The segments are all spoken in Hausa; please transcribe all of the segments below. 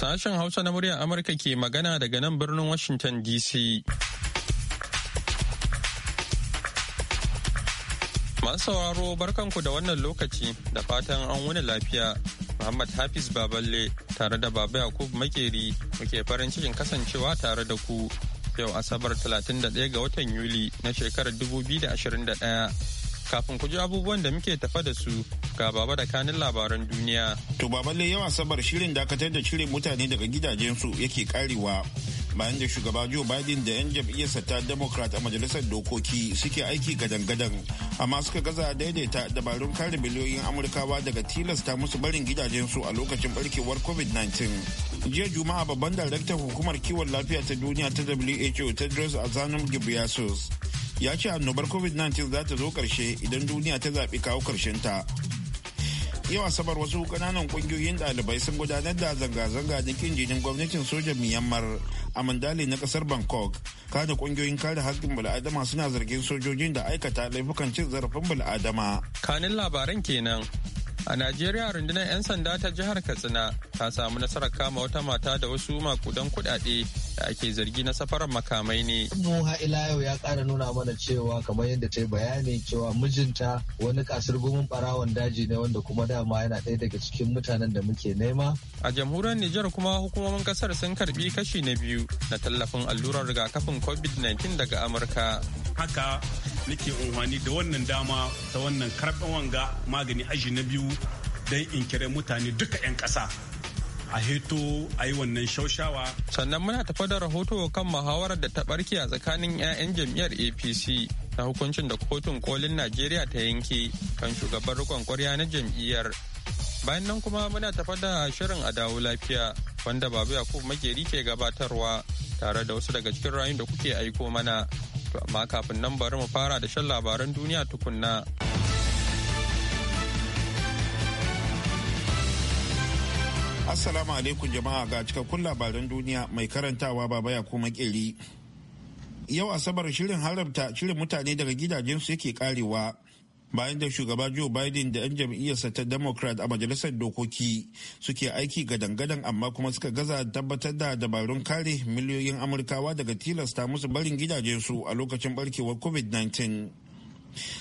Sashen Hausa na muryar Amurka ke magana daga nan birnin Washington DC. Masu sauraro barkanku da wannan lokaci da fatan an wuni lafiya. Muhammad Hafiz Baballe tare da Baba Yakub Makeri muke farin cikin kasancewa tare da ku. Yau Asabar 31 ga watan Yuli na shekarar 2021. kafin ku ji abubuwan da muke tafa da su ga baba da kanin labaran duniya. To baballe yawa sabar shirin dakatar da cire mutane daga gidajensu yake karewa bayan da shugaba Joe Biden da 'yan jam'iyyarsa ta Democrat a majalisar dokoki suke aiki gadan-gadan amma suka gaza daidaita dabarun kare miliyoyin Amurkawa daga tilasta musu barin gidajensu a lokacin barkewar COVID-19. Jiya Juma'a babban daraktan hukumar kiwon lafiya ta duniya ta WHO Tedros Adhanom Ghebreyesus ya ce annobar covid-19 za ta zo ƙarshe idan duniya ta zaɓi kawo ta. yau asabar wasu ƙananan ƙungiyoyin ɗalibai sun gudanar da zanga-zanga da kin jinin gwamnatin sojan myanmar a mandali na ƙasar bangkok kada ƙungiyoyin kare haƙƙin bala'adama suna zargin sojojin da aikata laifukan cin zarafin bala'adama kanin labaran kenan A Najeriya rundunar 'yan sanda ta jihar Katsina ta samu nasarar kama wata mata da wasu makudan kuɗaɗe da ake zargi na safarar makamai ne. Nuha ila yau ya ƙara nuna mana cewa kamar yadda ta yi bayani cewa mijinta wani kasar gumin ɓarawon daji ne wanda kuma dama yana ɗaya daga cikin mutanen da muke nema. A jamhuriyar Nijar kuma hukumomin ƙasar sun karɓi kashi na biyu na tallafin allurar rigakafin COVID-19 daga Amurka. haka nake unhwani da wannan dama ta wannan karɓin wanga magani aji na biyu don in kira mutane duka 'yan ƙasa a heto a yi wannan shaushawa. sannan muna tafa da rahoto kan muhawarar da ta barke a tsakanin 'ya'yan jam'iyyar apc na hukuncin da kotun kolin najeriya ta yanke kan shugaban rikon kwarya na jam'iyyar bayan nan kuma muna tafa da shirin a dawo lafiya wanda babu yakubu magiri ke gabatarwa tare da wasu daga cikin rayun da kuke aiko mana To amma kafin nan bari mu fara da shan labaran duniya tukunna. Assalamu alaikum jama'a ga cikakkun labaran duniya mai karantawa baba ya kuma kiri. Yau Asabar shirin haramta shirin mutane daga gidajensu yake karewa bayan da shugaba joe biden da 'yan jam'iyyarsa ta democrat a majalisar dokoki suke aiki gadan-gadan amma kuma suka gaza tabbatar da dabarun kare miliyoyin amurkawa daga tilasta musu barin gidajensu a lokacin barkewar covid-19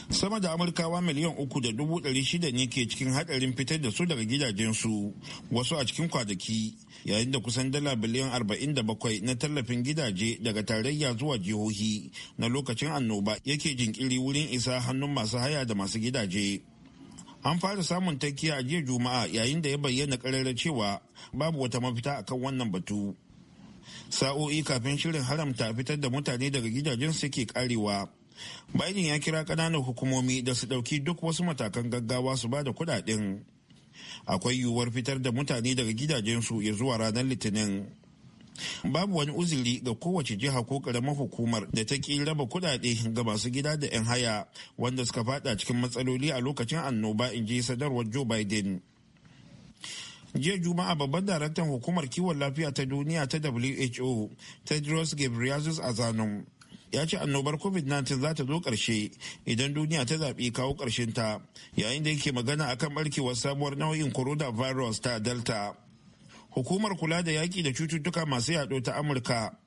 sama da amurkawa miliyan uku da dubu ɗari shida ne ke cikin hadarin fitar da su daga gidajensu wasu a cikin kwadaki yayin da kusan dala biliyan arba'in da bakwai na tallafin gidaje daga tarayya zuwa jihohi na lokacin annoba yake jinkiri wurin isa hannun masu haya da masu gidaje an fara samun tankiya a jiya juma'a yayin da ya bayyana kararra cewa babu wata mafita akan wannan batu sa'o'i kafin shirin haramta fitar da mutane daga gidajen suke karewa biden ya kira ƙananan hukumomi da su ɗauki duk wasu matakan gaggawa su ba da kuɗaɗen akwai yiwuwar fitar da mutane daga gidajensu ya zuwa ranar litinin babu wani uzuri ga kowace jiha ko karamar hukumar da ta ki raba kuɗaɗe ga masu gida da 'yan haya wanda suka fada cikin matsaloli a lokacin annoba in ji sadarwar joe biden jiya juma'a babban daraktan hukumar kiwon lafiya ta duniya ta who tedros gabriel azanum ya ce annobar covid-19 za ta zo ƙarshe idan duniya ta zaɓi kawo ta yayin da yake magana akan ɓarkewar sabuwar nau'in coronavirus ta delta hukumar kula da yaƙi da cututtuka masu yaɗo ta amurka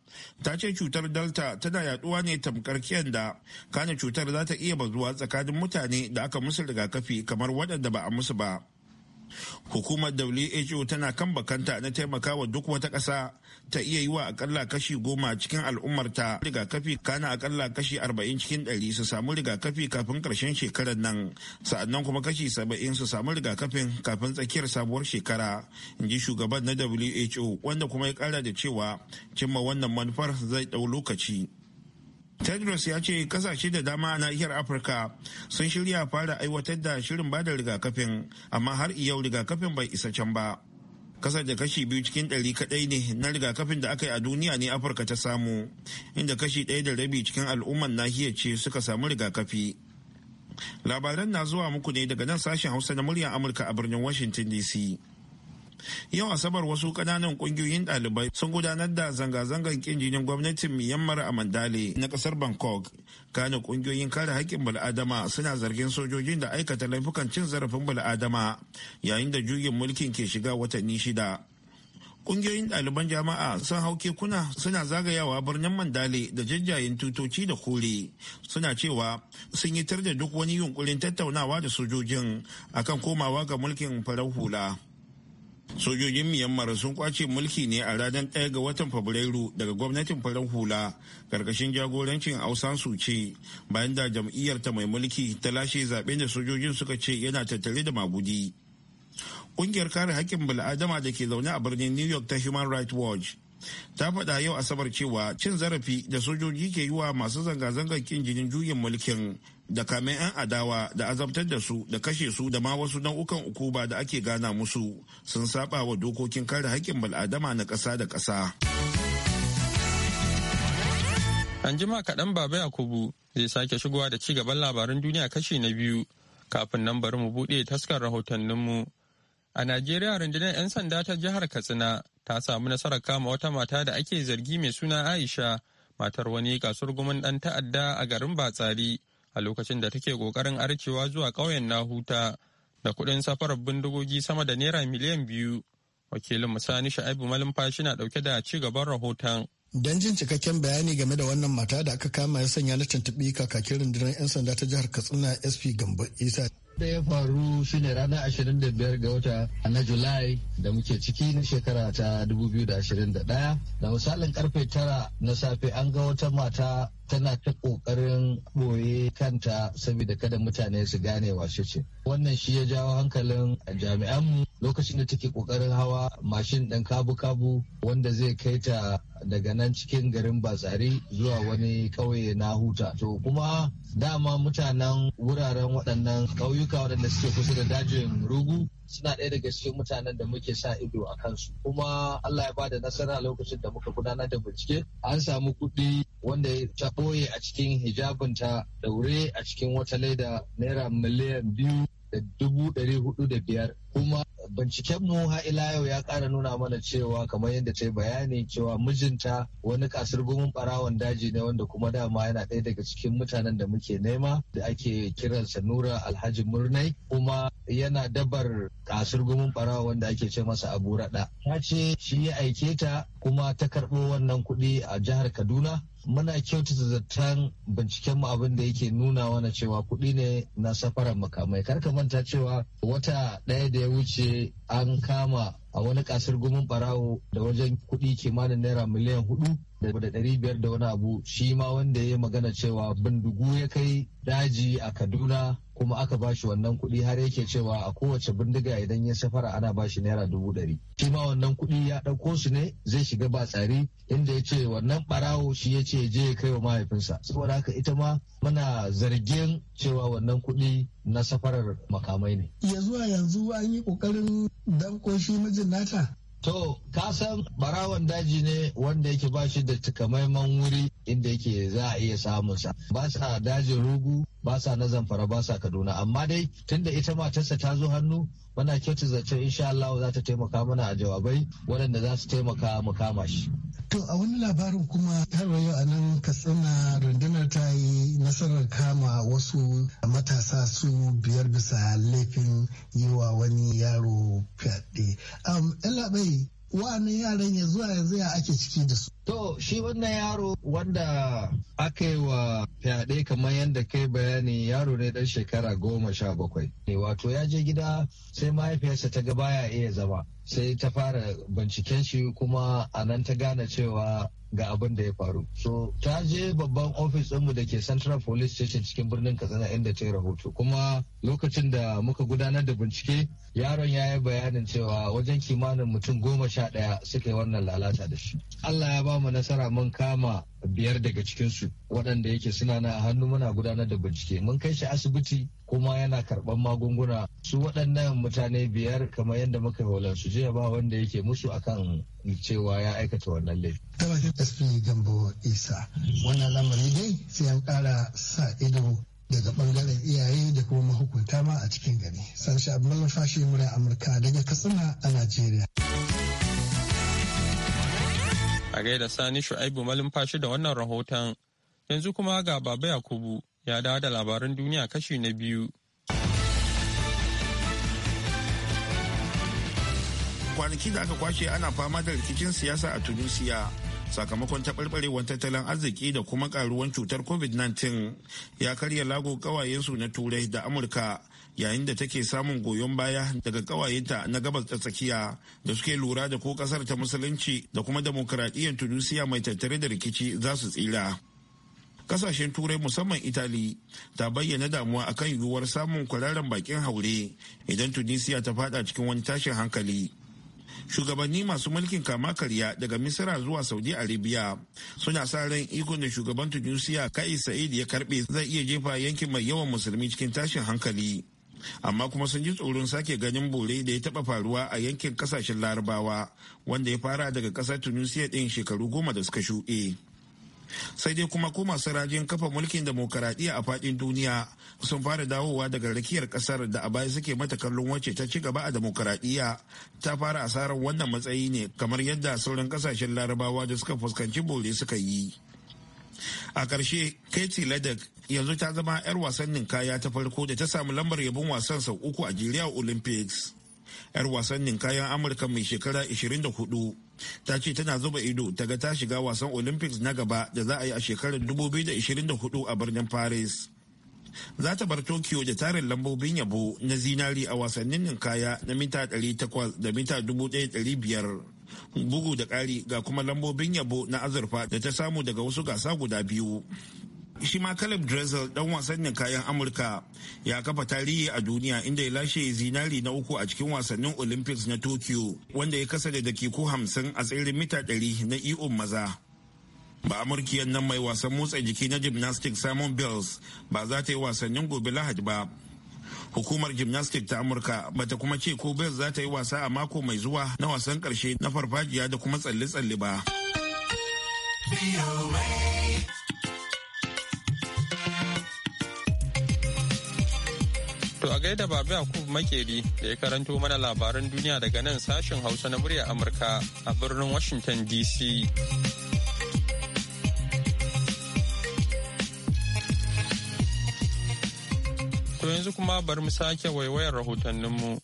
ta ce cutar delta tana yaɗuwa ne tamkar kiyan da kana cutar za ta iya bazuwa tsakanin mutane da aka musu rigakafi kamar waɗanda ba a musu ba hukumar who tana kan bakanta na taimakawa duk wata ƙasa ta iya yi wa akalla kashi goma cikin al'ummarta rigakafi kana akalla kashi arba'in cikin ɗari su samu rigakafi kafin ƙarshen shekarar nan sa'annan kuma kashi saba'in su samu rigakafin kafin tsakiyar sabuwar shekara in ji shugaban na who wanda kuma ya kara da cewa cimma wannan manufar zai ɗau lokaci tedros ya ce kasashe da dama a nahiyar afirka sun shirya fara aiwatar da shirin bada rigakafin amma har yau rigakafin bai isa can ba kasar da kashi biyu cikin ɗari kaɗai ne na rigakafin da aka yi a duniya ne afirka ta samu inda kashi ɗaya da rabi cikin al'umman nahiyar ce suka samu rigakafi labaran na zuwa muku ne daga nan sashen hausa na muryar amurka a birnin washington dc Yau Asabar wasu ƙananan ƙungiyoyin ɗalibai sun gudanar da zanga-zangar kin jinin gwamnatin Myanmar a Mandale na ƙasar Bangkok. Kana ƙungiyoyin kare haƙƙin bal'adama suna zargin sojojin da aikata laifukan cin zarafin bal'adama yayin da juyin mulkin ke shiga watanni shida. Ƙungiyoyin ɗaliban jama'a sun hau kekuna suna zagayawa birnin Mandale da jajjayen tutoci da kore suna cewa sun yi tar da duk wani yunkurin tattaunawa da sojojin akan komawa ga mulkin farar hula. sojojin myanmar sun kwace mulki ne a ranar 1 ga watan fabrairu daga gwamnatin farar hula karkashin jagorancin su ce bayan da jam'iyyar ta mai mulki ta lashe zaben da sojojin suka ce yana tattare da magudi kungiyar kare haƙƙin bil'adama da ke zaune a birnin new york ta human rights watch ta faɗa yau asabar cewa cin zarafi da sojoji ke yi wa masu zanga-zangar kin jinin juyin mulkin da kame 'yan adawa da azabtar da su da kashe su da ma wasu nau'ukan ukuba da ake gana musu sun saba wa dokokin kare haƙƙin bal'adama na ƙasa da ƙasa. anjima kaɗan baba yakubu zai sake shigowa da ci gaban labaran duniya kashi na biyu kafin nan bari mu buɗe taskar rahotanninmu a najeriya rundunar 'yan sanda ta jihar katsina ta samu nasarar kama wata mata da ake zargi mai suna Aisha, matar wani kasuwar gumin dan ta'adda a garin Batsari, a lokacin da take kokarin arcewa zuwa ƙauyen Nahuta, da kuɗin safarar bindigogi sama da naira miliyan biyu. Wakilin Musani Sha'ibu Malumfashi na ɗauke da ci gaban rahoton. Don jin cikakken bayani game da wannan mata da aka kama ya sanya na tuntuɓi kakakin rundunar 'yan sanda ta jihar Katsina SP Gambo Isa da ya faru shine ranar 25 ga wata na Julai da muke ciki na shekara ta 2021 da misalin karfe tara na safe an ga wata mata tana ta kokarin ɓoye kanta saboda kada mutane su gane washe ce wannan shi ya jawo hankalin jami'anmu lokacin da take kokarin hawa mashin ɗan kabu-kabu wanda zai kai ta daga nan cikin garin batsari zuwa wani kauye na huta to kuma dama mutanen wuraren waɗannan ƙauyuka waɗanda suke kusa da dajin rugu suna ɗaya daga cikin mutanen da muke sa ido a kansu kuma Allah ya bada nasara lokacin da muka gudanar da bincike an samu kuɗi wanda ta ɓoye a cikin hijabinta daure a cikin wata leda naira miliyan biyu da dubu ɗari hudu da biyar kuma mu ha ila yau ya kara nuna mana cewa kamar yadda ta yi bayani cewa mijinta wani kasar gumin barawon daji ne wanda kuma dama yana ɗaya daga cikin mutanen da muke nema da ake kiransa nura alhaji murnai kuma yana dabar kasar gumin barawon wanda ake ce masa abu raɗa ta ce shi ya aike ta kuma ta karɓo wannan kuɗi a jihar kaduna muna kyautata zaton binciken mu abin da yake nuna mana cewa kuɗi ne na safarar makamai karka manta cewa wata ɗaya da ya wuce an kama a wani ƙasar gumin barawo da wajen kuɗi kimanin naira miliyan hudu da biyar da wani abu shi ma wanda ya yi magana cewa bindigu ya kai daji a kaduna kuma aka ba shi wannan kuɗi har yake cewa a kowace bindiga idan ya safara ana ba shi naira dubu ɗari shi ma wannan kuɗi ya ɗauko su ne zai shiga ba tsari inda ya ce wannan ɓarawo shi ya ce je ya kai wa mahaifinsa saboda haka ita ma muna zargin cewa wannan kuɗi na safarar makamai ne. ya zuwa yanzu an yi ƙoƙarin danko shi mijin nata To, kasan barawan daji ne wanda yake ba shi da takamaiman wuri inda yake za a iya samunsa. Ba sa dajin rugu, ba sa na zamfara, ba sa Kaduna. Amma dai, tunda ita matarsa ta zo hannu, muna kyautu zaton insha Allah za ta taimaka mana a jawabai waɗanda za su taimaka mu kama shi. To a wani labarin kuma har yau a nan katsina rundunar ta yi nasarar kama wasu matasa su biyar bisa laifin yi wa wani yaro fyaɗe. Um, labai wa'annan yaran ya zuwa yanzu ya ake ciki da su. To shi wannan yaro wanda aka yi wa fyaɗe kamar yadda kai bayani yaro ne dan shekara goma sha bakwai. Eh, wato ya je gida sai mahaifiyarsa ta ga baya iya zama sai ta fara binciken shi kuma a nan ta gane cewa ga abin da ya faru. So ta je babban ofis ɗinmu da ke Central Police Station cikin birnin Katsina inda ta yi rahoto. Kuma lokacin da muka gudanar da bincike yaron ya yi bayanin cewa wajen kimanin mutum goma sha ɗaya suka yi wannan lalata da shi. Allah ya ba ba mu nasara mun kama biyar daga cikinsu waɗanda yake suna na hannu muna gudanar da bincike mun kai shi asibiti kuma yana karɓar magunguna su waɗannan mutane biyar kamar yadda muka holar su jiya ba wanda yake musu akan cewa ya aikata wannan laifi. Tabbatar SP Gambo Isa wannan lamari dai sai an ƙara sa ido daga bangaren iyaye da kuma mahukunta ma a cikin gari. Sanshi Abdullahi Fashi Murai Amurka daga Katsina a Najeriya. A gaida Sani Shu'aibu malumfashi da wannan rahoton. Yanzu kuma ga Baba Yakubu ya dawo da labaran duniya kashi na biyu. Kwanaki da aka kwashe ana fama da rikicin siyasa a Tunisia sakamakon taɓarɓarewar tattalin arziki da kuma ƙaruwan cutar COVID-19 ya karya lago ƙawayensu na Turai da Amurka yayin da take samun goyon baya daga kawayenta na gabas ta tsakiya da suke lura da ko kasar ta musulunci da kuma demokuraɗiyyar tunisiya mai tattare da rikici za su tsira kasashen turai musamman itali ta bayyana damuwa akan yiwuwar samun kwararren bakin haure idan tunisiya ta fada cikin wani tashin hankali shugabanni masu mulkin kama karya daga misira zuwa saudi arabia suna sa ran ikon da shugaban tunisiya kai sa'id ya karbe zai iya jefa yankin mai yawan musulmi cikin tashin hankali amma kuma sun ji tsoron sake ganin bore da ya taɓa faruwa a yankin kasashen larabawa wanda ya fara daga ƙasar tunisia ɗin shekaru goma da suka shuɗe sai dai kuma ko masu rajin kafa mulkin demokaradiyya a faɗin duniya sun fara dawowa daga rakiyar kasar da a baya suke mata kallon wacce ta ci gaba a demokaradiyya ta fara asarar wannan matsayi ne kamar yadda sauran ƙasashen larabawa da suka fuskanci bore suka yi a ƙarshe katie ladak yanzu ta zama 'yar wasannin kaya ta farko da ta samu lambar yabon wasan sau uku a jeriya olympics 'yar wasannin kayan amurka mai shekara 24 ta ce tana zuba ido ta ta shiga wasan olympics na gaba da za a yi a shekarar 2024 a birnin paris za ta bar tokyo da tarin lambobin yabo na zinari a wasannin ninkaya na mita 800 da mita 1500 bugu da ƙari ga kuma lambobin yabo na azurfa da ta samu daga wasu gasa guda biyu shi ma Caleb Dressel dan wasannin kayan Amurka ya kafa tarihi a duniya inda ya lashe zinari na uku a cikin wasannin Olympics na Tokyo wanda ya kasa da dakiku hamsin a tsirin mita ɗari na i'un maza. Ba amurkiyan nan mai wasan motsa jiki na gymnastics Simon bills ba za ta yi wasannin gobe Lahadi ba hukumar gymnastics ta amurka bata kuma ce ko bills za ta yi wasa a mako mai zuwa na wasan karshe na farfajiya da kuma tsalle-tsalle ba To a gaida Babu Yakub Makeri da ya karanto mana labaran duniya daga nan sashen Hausa na murya Amurka a birnin Washington DC. To yanzu kuma bari mu sake waiwayar rahotanninmu.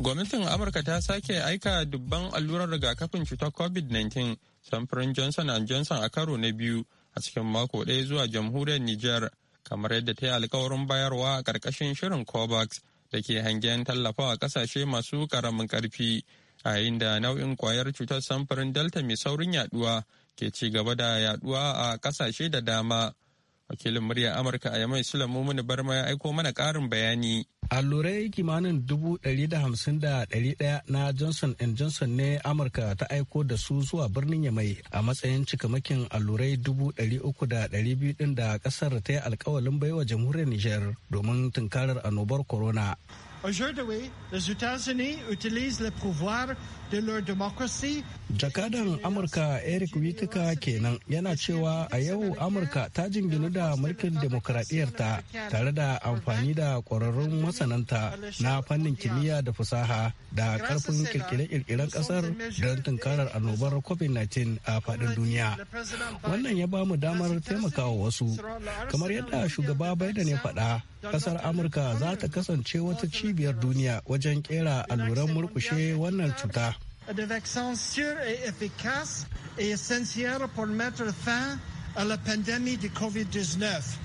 Gwamnatin Amurka ta sake aika dubban allurar rigakafin cutar COVID-19 samfurin Johnson Johnson a karo na biyu a cikin mako ɗaya zuwa jamhuriyar Nijar kamar yadda ta yi alkawarin bayarwa a ƙarƙashin shirin COVAX da ke hangen tallafawa ƙasashe masu ƙaramin ƙarfi a yayin da nau'in kwayar cutar samfurin Delta mai saurin yaduwa ke ci gaba da yaduwa a ƙasashe da dama. wakilin murya amurka a yamai sulamu mini barma ya aiko mana karin bayani allurai kimanin dubu ɗari da hamsin da ɗari ɗaya na johnson and johnson ne amurka ta aiko da su zuwa birnin yamai a matsayin cikamakin allurai dubu ɗari uku da ɗari biyu ɗin da ƙasar ta yi alkawalin baiwa jamhuriyar niger domin tunkarar annobar corona Aujourd'hui, les États-Unis utilisent le pouvoir de leur démocratie. Jakadan Amurka Eric Whitaker kenan yana cewa a yau Amurka ta jinginu da mulkin demokradiyyarta tare da amfani da ƙwararrun masananta na fannin kimiyya da fasaha da karfin kirkire-kirkiren ƙasar don tunkarar annobar COVID-19 a faɗin duniya. Wannan ya ba mu damar taimakawa wasu. Kamar yadda shugaba Biden ya faɗa, ƙasar Amurka za ta kasance wata cibiyar cibiyar duniya wajen kera alluran murkushe wannan cuta. de vaccins sûrs et efficaces et essentiels pour mettre fin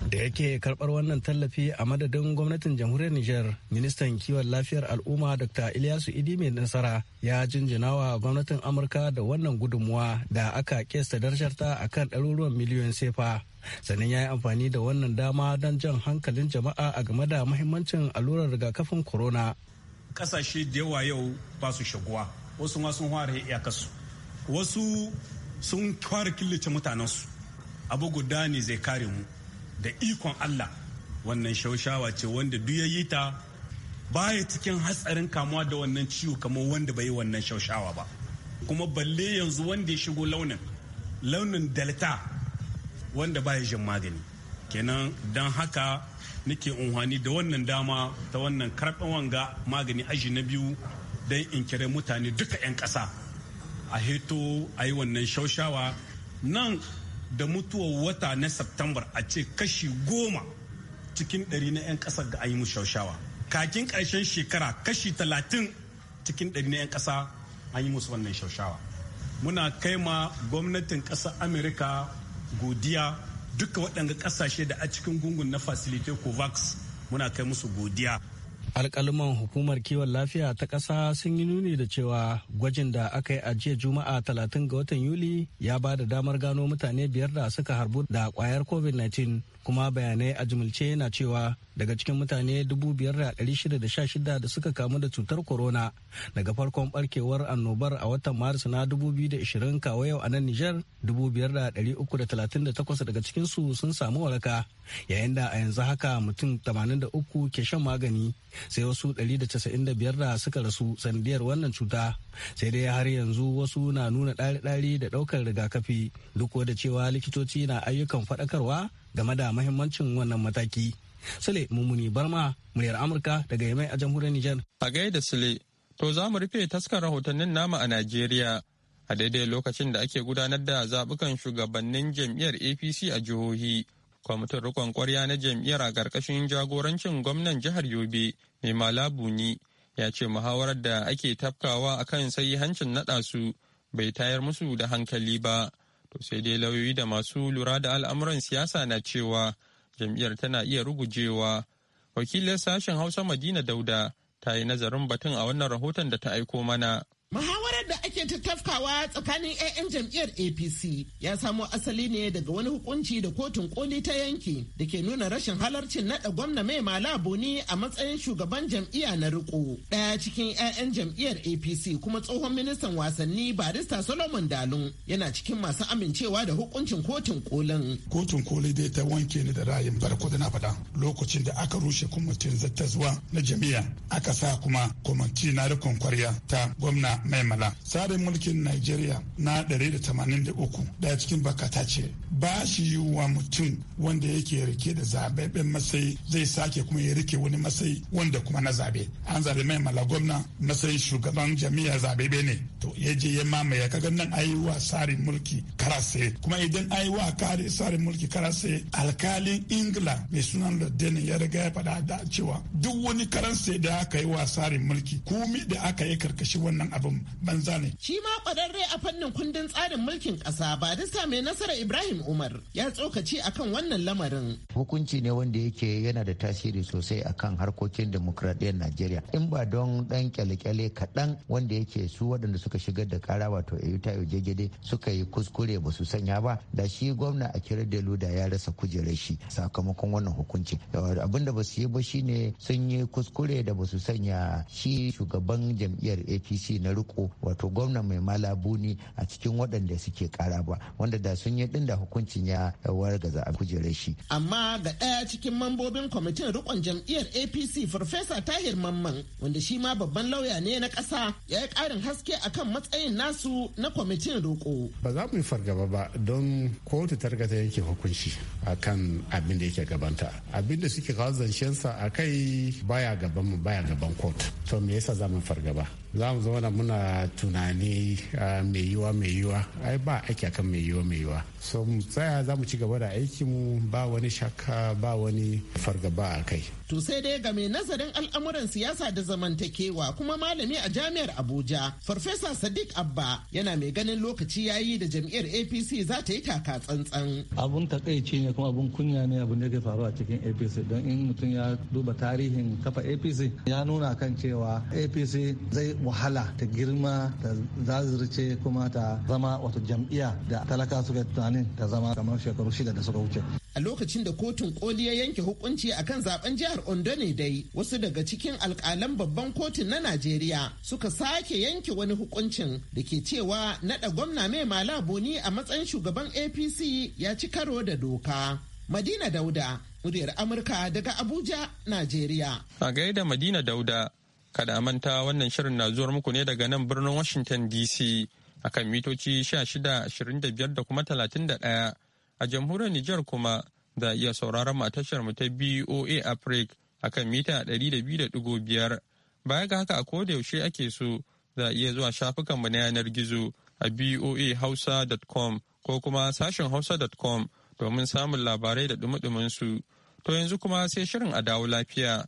Da yake karbar wannan tallafi a madadin gwamnatin jamhuriyar Nijar, ministan kiwon lafiyar al'umma Dr. Ilyasu Idi mai nasara ya jinjinawa gwamnatin Amurka da wannan gudunmuwa da aka kesta darajarta a kan ɗaruruwan miliyoyin sefa. Sannan ya yi amfani da wannan dama don jan hankalin jama'a a game da mahimmancin allurar rigakafin corona. Kasashe da yawa yau ba su shaguwa, wasu ma sun fara iyakarsu, wasu sun fara killace mutanensu. abu guda ne zai kare mu da ikon Allah wannan shaushawa ce wanda duk ya yi ta baya cikin hatsarin kamuwa da wannan ciwo kamar wanda bai yi wannan shaushawa ba kuma balle yanzu wanda ya shigo launin launin delta wanda baya jin magani kenan don haka nake unhani da wannan dama ta wannan karɓin wanga magani aji na biyu don in kira mutane duka 'yan ƙasa a heto a yi wannan shaushawa nan da mutuwar wata na september a ce kashi goma cikin ɗari na 'yan ƙasar da an yi shaushawa kakin ƙarshen shekara kashi talatin cikin ɗari na 'yan ƙasa an yi musu wannan shaushawa muna kai ma gwamnatin ƙasar amerika godiya duka waɗanda ƙasashe da a cikin gungun na facilite covax muna kai musu godiya alkaliman hukumar kiwon lafiya ta ƙasa sun yi nuni da cewa gwajin da aka yi a jiya juma'a 30 ga watan yuli ya ba da damar gano mutane biyar da suka harbu da kwayar covid-19 kuma bayanai a jimilce na cewa daga cikin mutane 5,616 da suka kamu da cutar corona daga farkon barkewar annobar a watan maris na 2020 kawo yau a nan nijar 5,338 daga cikinsu sun samu waraka yayin da a yanzu haka mutum 83 ke shan magani sai wasu 195 da suka rasu sanadiyar wannan cuta sai dai har yanzu wasu na nuna ɗari-ɗari da ɗaukar rigakafi duk da cewa likitoci na ayyukan faɗakarwa game da mahimmancin wannan mataki. Sule Mummuni Barma, muryar Amurka daga Yamai a jamhuriyar Nijar. A gaida Sule, to za mu rufe taskar rahotannin nama a Najeriya. A daidai lokacin da ake gudanar da zaɓukan shugabannin jam'iyyar APC a jihohi. Kwamitin rikon kwarya na jam'iyyar a ƙarƙashin jagorancin gwamnan jihar Yobe, mai malabu ne ya ce muhawarar da ake tafkawa akan sai hancin naɗa su bai tayar musu da hankali ba. To sai dai lauyoyi da masu lura da al'amuran siyasa na cewa jam'iyyar tana iya rugujewa. Wakilin sashen Hausa Madina Dauda ta yi nazarin batun a wannan rahoton da ta aiko mana. Muhawarar da ake tafkawa tsakanin 'ya'yan jam'iyyar apc ya samo asali ne daga wani hukunci da kotun koli ta yanki da ke nuna rashin halarcin naɗa gwamna mai mala boni a matsayin shugaban jam'iyya na riko ɗaya cikin 'ya'yan jam'iyyar apc kuma tsohon ministan wasanni barista solomon dalun yana cikin masu amincewa da hukuncin kotun kolin kotun koli dai ta wanke ni da ra'ayin farko da na faɗa lokacin da aka rushe kwamitin zuwa na jami'a aka sa kuma kwamitin na rikon kwarya ta gwamna mai mala tsarin mulkin Najeriya na 183 daya cikin bakata ce ba shi wa mutum wanda yake rike da zababben masai zai sake kuma ya rike wani masai wanda kuma na zabe an zabe mai mala gwamna masai shugaban jami'a bai ne to ya je ya mamaye ka nan ayi wa tsarin mulki karase kuma idan ayi wa kare tsarin mulki karase alkalin ingila mai sunan lordin ya riga ya faɗa da cewa duk wani karansa da aka yi wa tsarin mulki komi da aka yi karkashi wannan abin banza ne shima Shi ma kwararre a fannin kundin tsarin mulkin kasa ƙasa da mai nasara Ibrahim Umar ya tsokaci akan wannan lamarin. Hukunci ne wanda yake yana da tasiri sosai akan harkokin demokradiyyar Najeriya. In ba don ɗan kyale-kyale kaɗan wanda yake su waɗanda suka shigar da kara wato Eyuta Ojegede suka yi kuskure ba su sanya ba da shi gwamna a kira da ya rasa kujerar shi sakamakon wannan hukunci. abinda da ba su yi ba shine sun yi kuskure da ba su sanya shi shugaban jam'iyyar APC na riko wato gwamna mai malabuni a cikin waɗanda suke kara ba wanda da sun yi ɗin da hukuncin ya wargaza a kujerar shi. Amma ga ɗaya cikin mambobin kwamitin rikon jam'iyyar APC Farfesa Tahir Mamman wanda shi ma babban lauya ne na ƙasa ya yi ƙarin haske akan matsayin nasu na kwamitin roƙo. Ba za mu yi fargaba ba don kotu ta ta yanke hukunci akan abin da yake gabanta. Abin da suke kawo zancensa a kai baya gaban mu baya gaban kotu. To me yasa za mu fargaba? za mu zama muna tunani ah, mai yiwa mai yiwa ai ba aiki akan mai yiwa mai yiwa so mu tsaya za mu ci gaba da mu ba wani shakka ba wani fargaba a kai To sai dai ga mai nazarin al'amuran siyasa da zamantakewa kuma malami a jami'ar Abuja, Farfesa Sadiq Abba yana mai ganin lokaci yayi da jam'iyyar APC za ta yi taka tsantsan. Abun takaici ne kuma abun kunya ne abun da ke faruwa cikin APC don in mutum ya duba tarihin kafa APC ya nuna kan cewa APC zai wahala ta girma ta zazirce kuma ta zama wata jam'iyya da talaka suka tunanin ta zama kamar shekaru shida da suka wuce. a lokacin da kotun koli ya yanke hukunci akan zaben jihar ondo ne dai wasu daga cikin alkalan babban kotun na najeriya suka sake yanke wani hukuncin da ke cewa nada gwamna mai malaboni a matsayin shugaban apc ya ci karo da doka madina dauda muryar amurka daga abuja najeriya a gaida madina dauda kada manta wannan shirin na zuwar muku ne daga nan birnin washington dc akan mitoci 16 25 da kuma 31 A jamhuriyar Nijar kuma za a iya sauraron mu a tashar mu ta BOA Africa a kan mita 200.5. Baya ga haka a koda yaushe ake so za iya zuwa shafukan mu na yanar gizo a boahausa.com ko kuma sashen hausa.com domin samun labarai da dumudumin su. To yanzu kuma sai shirin a dawo lafiya.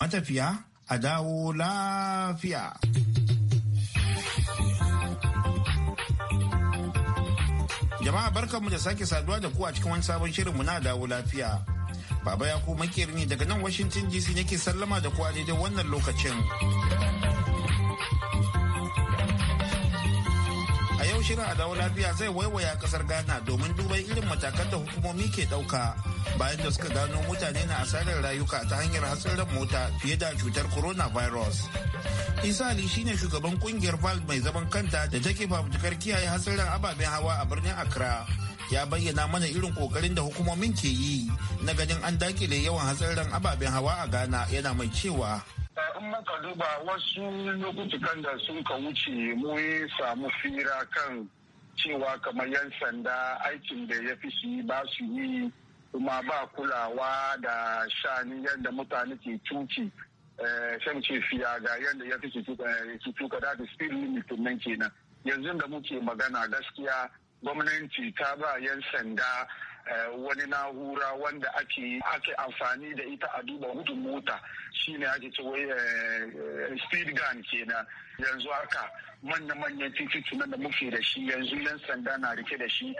Matafiya a dawo lafiya. Jama'a barkan mu da sake saduwa da ku a cikin wani sabon shirinmu na dawo lafiya. Baba ya ku makirni daga nan Washington DC nake sallama da ku a daidai wannan lokacin. shirin a lafiya zai waiwaya kasar ghana domin dubai irin matakan da hukumomi ke dauka bayan da suka gano mutane na asarar rayuka ta hanyar hatsarin mota fiye da cutar coronavirus isa ali shine shugaban kungiyar val mai zaman kanta da take fafutukar kiyaye hatsarin ababen hawa a birnin accra ya bayyana mana irin kokarin da hukumomin ke yi na ganin an dakile yawan hatsarin ababen hawa a ghana yana mai cewa in maka duba wasu lokutukan da sun ka wuce mu samu fira kan cewa kamar yan sanda aikin da ya fi su yi ba su yi kuma ba kulawa da shani yadda mutane ke cuci eh, shan ce fiya ga yadda ya fi su tuka da eh, speed limit nan kenan yanzu da muke magana gaskiya gwamnati ta ba yan sanda Eh, wani na'ura wanda ake ake amfani da ita a duba gudun mota shine ake ce wai eh, eh, speed gun kenan yanzu haka manya-manyan titunan da muke da shi yanzu yan sanda na rike da shi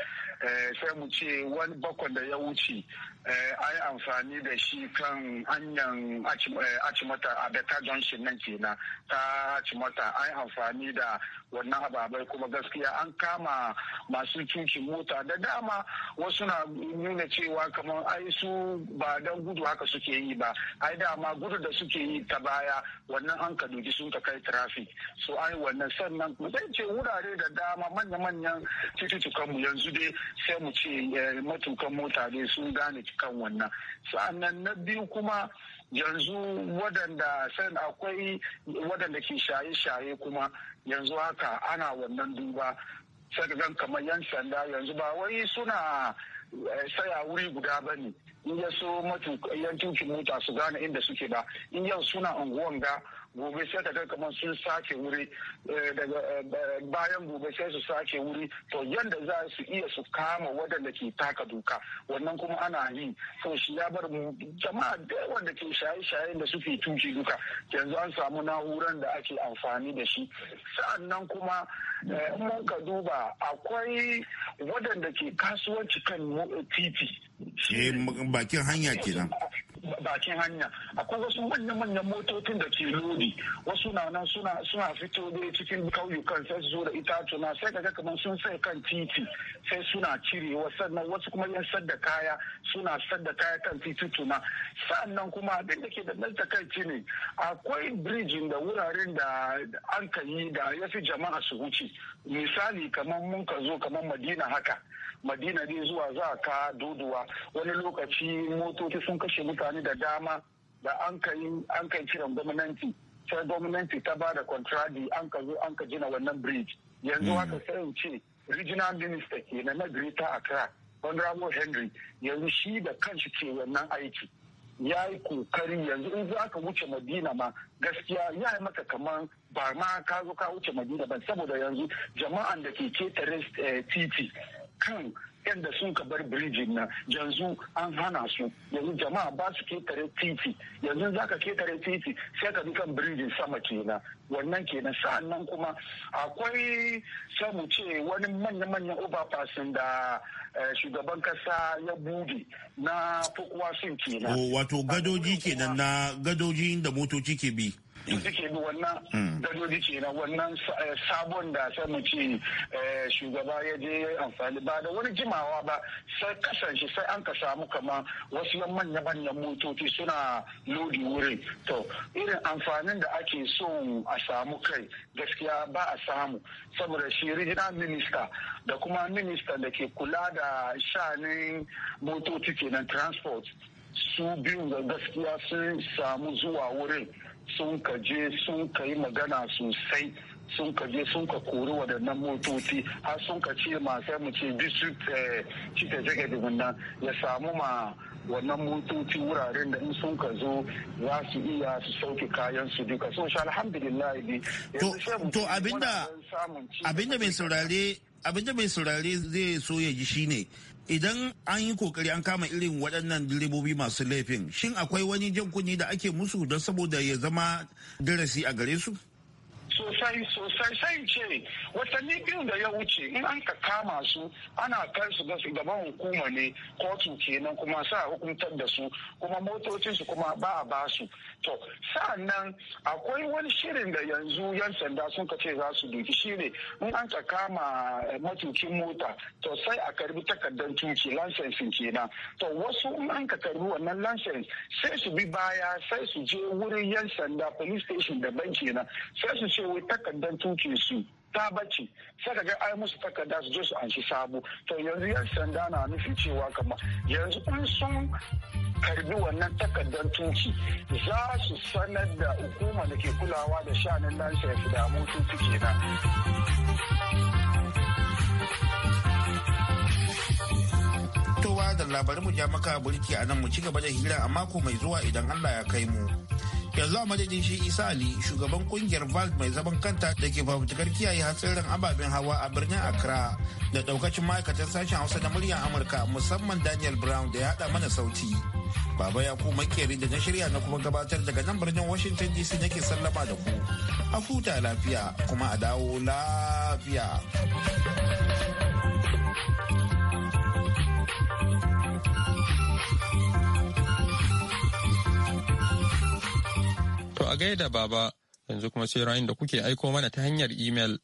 eh, sai mu ce wani bakon da ya wuce eh, an amfani da shi kan hanyar acimata eh, a beta junction nan kenan ta acimata yi amfani da wannan ababai kuma gaskiya an kama masu cuci mota da dama wasu na nuna cewa kamar ai su ba don gudu haka suke yi ba ai dama gudu da suke yi ta baya wannan an ka sun ta kai traffic su an yi wannan sannan zai ce wurare da dama manya-manyan cututtukan mu yanzu dai sai mu ce eh, matukan mota ne sun gane kan wannan sannan na biyu kuma yanzu waɗanda san akwai waɗanda ke shaye-shaye kuma yanzu haka ana wannan duba sai kamar yan sanda yanzu ba wai suna eh, saya wuri guda ba ne in ya so matuƙayen mota su gane inda suke ba in yau suna unguwan ga gobe sai ka ga kamar sun sake wuri eh, daga eh, bayan gobe sai su sake wuri to yadda za su iya su kama waɗanda ke taka doka wannan kuma ana yi to shi ya bar jama'a da wanda ke shaye-shaye da suke tuki duka yanzu an samu na'urar da ake amfani da shi sa'annan kuma eh, mun ka duba akwai waɗanda ke kasuwanci kan titi. bakin hanya kenan. bakin hanya akwai wasu manya-manyan motocin da ke lodi wasu na nan suna fito da cikin kauyukan sai su zo da itatuna sai kaga kamar sun sai kan titi sai suna cirewa sannan wasu kuma yan sadda kaya suna sadda kaya kan tituna sannan kuma abin da ke da nan takaici ne akwai bridgin da wuraren da an ka yi da ya fi jama'a su wuce misali kamar mun ka zo kamar madina haka madina ne zuwa za ka doduwa wani lokaci motoci sun kashe mutane mutane da dama da an kai kiran gwamnati sai gwamnati ta ba da kontradi an ka zo an ka gina wannan bridge yanzu mm. haka sai in ce regional minister ke na greater accra honorable henry yanzu shi da kanshi ke wannan aiki ya yi kokari yanzu in za ka wuce madina ma gaskiya ya yi maka kamar ba ma ka zo ka wuce madina ba saboda yanzu jama'an da ke ketare eh, titi kan yadda sun ka bar birijin na yanzu an hana su yanzu jama'a ba su ketare titi yanzu za ka ketare titi sai ka bi kan birijin sama kenan wannan kenan sa'an nan kuma akwai samu ce wani manya-manyan fasin da eh, shugaban kasa ya bude na fukuwa sun kenan wato gadoji kenan na gadoji da motoci ke bi su suke bi wannan hmm. gadoji kenan wannan eh, sabon da sai mu ce eh, shugaba ya je amfani ba da wani jimawa ba sai kasance sai an ka samu kama wasu yan manya manyan motoci suna lodi wuri to irin amfanin da ake so a samu kai gaskiya ba a samu saboda shi regional minista da kuma minister da ke kula da shanin motoci kenan transport su biyu da gaskiya sun samu zuwa wurin sun ka je sun ka yi magana sosai sun ka je sun ka kori waɗannan motoci har sun ka ce masu mu ce bisu cika jaga nan ya samu ma wannan motoci wuraren da in sun ka zo za su iya su sauke kayan su duka so sha alhamdulillah ne to abinda abinda mai saurare abinda mai saurare zai so ya ji shine idan an yi kokari an kama irin waɗannan direbobi masu laifin shin akwai wani jan kunni da ake musu don saboda ya zama darasi a gare su sosai sosai sai ce watanni biyu da ya wuce in an ka kama su ana kai su gaban hukuma ne kotu kenan kuma sa hukuntar da su kuma motocin su kuma ba a ba su to sa'annan akwai wani shirin da yanzu yan sanda sun ka ce za su duki ne in an ka kama eh, matukin mota to sai a karbi takardar tuki lansensin kenan to wasu in an ka karbi wannan lansens sai su bi baya sai su je wurin yan sanda police station daban kenan sai su ce wai takardar tuke su ta bace saka ga ai musu takarda su je su shi sabo to yanzu yan sanda na nufi cewa kama yanzu in sun karbi wannan takardar tuki za su sanar da hukuma da ke kulawa da shanin lafiya su damu tuki kenan. fitowa da labarin mu ja maka burki a nan mu ci gaba da hira a mako mai zuwa idan Allah ya kai mu. yanzu a madadin shi isa ali shugaban kungiyar valk mai zaman kanta da ke fafutukar kiyaye hatsarin ababen hawa a birnin accra da daukacin ma'aikatan sashen hausa na muryar amurka musamman daniel brown da ya hada mana sauti baba ya ku makeri da na shirya na kuma gabatar daga nan birnin washington dc nake sallama da ku a huta lafiya kuma a dawo lafiya To a da baba yanzu kuma sai ra'ayin da kuke aiko mana ta hanyar imel.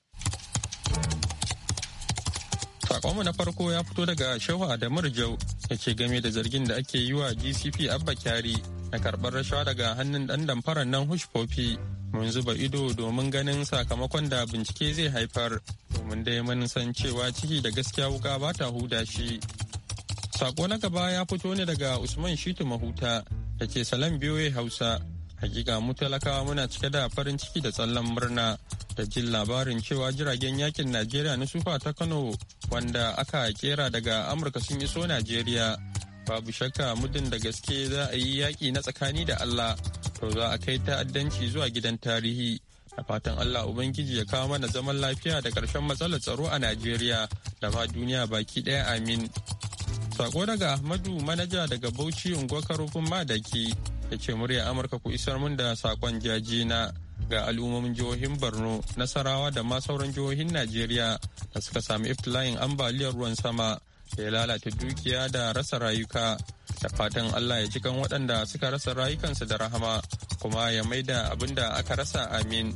Sakonmu na farko ya fito daga Shehu Adamu Jau da ke game da zargin da ake yi wa GCP Abba Kyari na karɓar rashawa daga hannun ɗan damfarar nan hushpopi. Mun zuba ido domin ganin sakamakon da bincike zai haifar domin dai mun san cewa ciki da gaskiya wuka ba ta huda shi. Sako na gaba ya fito ne daga Usman Shitu Mahuta da ke Salam Biyoye Hausa hakika mu talakawa muna cike da farin ciki da tsallan murna da jin labarin cewa jiragen yakin najeriya na sufa ta kano wanda aka kera daga amurka sun iso najeriya babu shakka mudun da gaske za a yi yaƙi na tsakani da allah to za a kai ta'addanci zuwa gidan tarihi da fatan allah ubangiji ya kawo mana zaman lafiya da ƙarshen matsalar tsaro a najeriya da ma duniya baki ɗaya amin sako daga ahmadu manaja daga bauchi unguwar karofin madaki ya ce murya amurka ku isar mun da sakon jaji na ga al'ummomin jihohin borno nasarawa da ma sauran jihohin najeriya da suka sami iftila'in ambaliyar ruwan sama da ya lalata dukiya da rasa rayuka da fatan allah ya cikan waɗanda suka rasa rayukansu da rahama kuma ya maida abin da aka rasa amin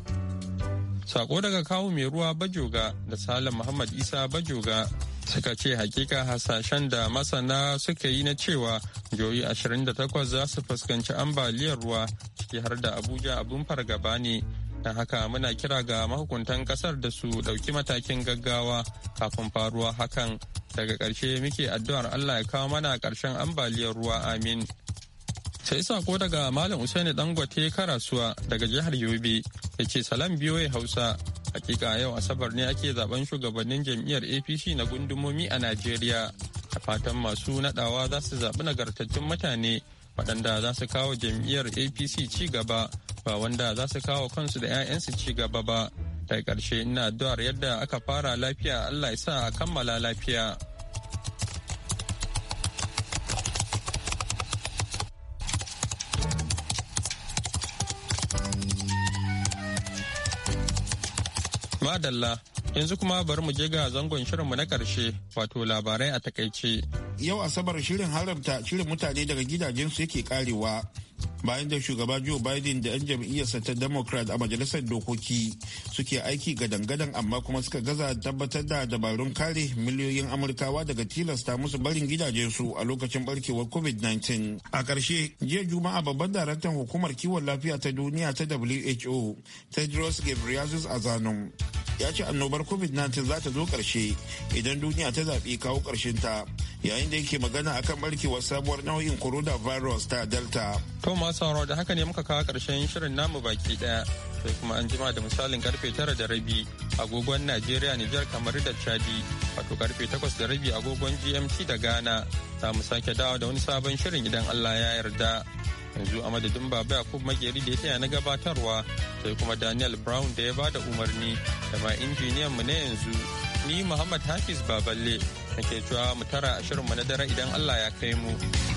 sako daga kawu mai ruwa bajoga da salam muhammad isa bajoga suka ce hakika hasashen da masana suka yi na cewa joyi 28 za su fuskanci ambaliyar ruwa ciki har da abuja abun fargaba ne don haka muna kira ga mahukuntan kasar da su dauki matakin gaggawa kafin faruwa hakan daga ƙarshe muke addu'ar allah ya kawo mana ƙarshen ambaliyar ruwa amin sai sako daga malam usaini dangote karasuwa daga jihar yobe ya ce salam biyoyi hausa Hakika yau Asabar ne ake zaben shugabannin jam'iyyar APC na gundumomi a Najeriya. a fatan masu nadawa za su zaɓi nagartattun mutane waɗanda za su kawo jam'iyyar APC ci gaba ba wanda za su kawo kansu da 'ya'yansu ci gaba ba. Da ƙarshe ina addu'ar yadda aka fara lafiya Allah ya sa a kammala lafiya. Madalla yanzu kuma bari mu je ga zangon shirinmu na ƙarshe wato labarai a takaice. yau asabar shirin haramta shirin mutane daga gidajensu yake karewa bayan da shugaba joe biden da 'yan jam'iyyarsa ta democrat a majalisar dokoki suke aiki gadangadan amma kuma suka gaza tabbatar da dabarun kare miliyoyin amurkawa daga tilasta musu barin gidajensu a lokacin barkewar covid-19 a ƙarshe jiya juma'a babban daraktan hukumar kiwon lafiya ta duniya ta who tedros ghebreyesus azanum ya ce annobar covid-19 za ta zo ƙarshe idan duniya ta zaɓi kawo ƙarshen ta yayin yayin da yake magana akan barkewar sabuwar nau'in coronavirus ta delta. To masu sauraro da haka ne muka kawo karshen shirin namu baki daya sai kuma an jima da misalin karfe tara da rabi agogon Najeriya niger kamar da Chadi wato karfe takwas da rabi agogon GMT da Ghana za mu sake dawo da wani sabon shirin idan Allah ya yarda. yanzu a madadin baba yakub makeri da ya taya na gabatarwa sai kuma daniel brown da ya ba da umarni da ma injiniyan mu na yanzu ni muhammad hafiz baballe nake cewa mu tara a shirinmu na dare idan Allah ya kai mu.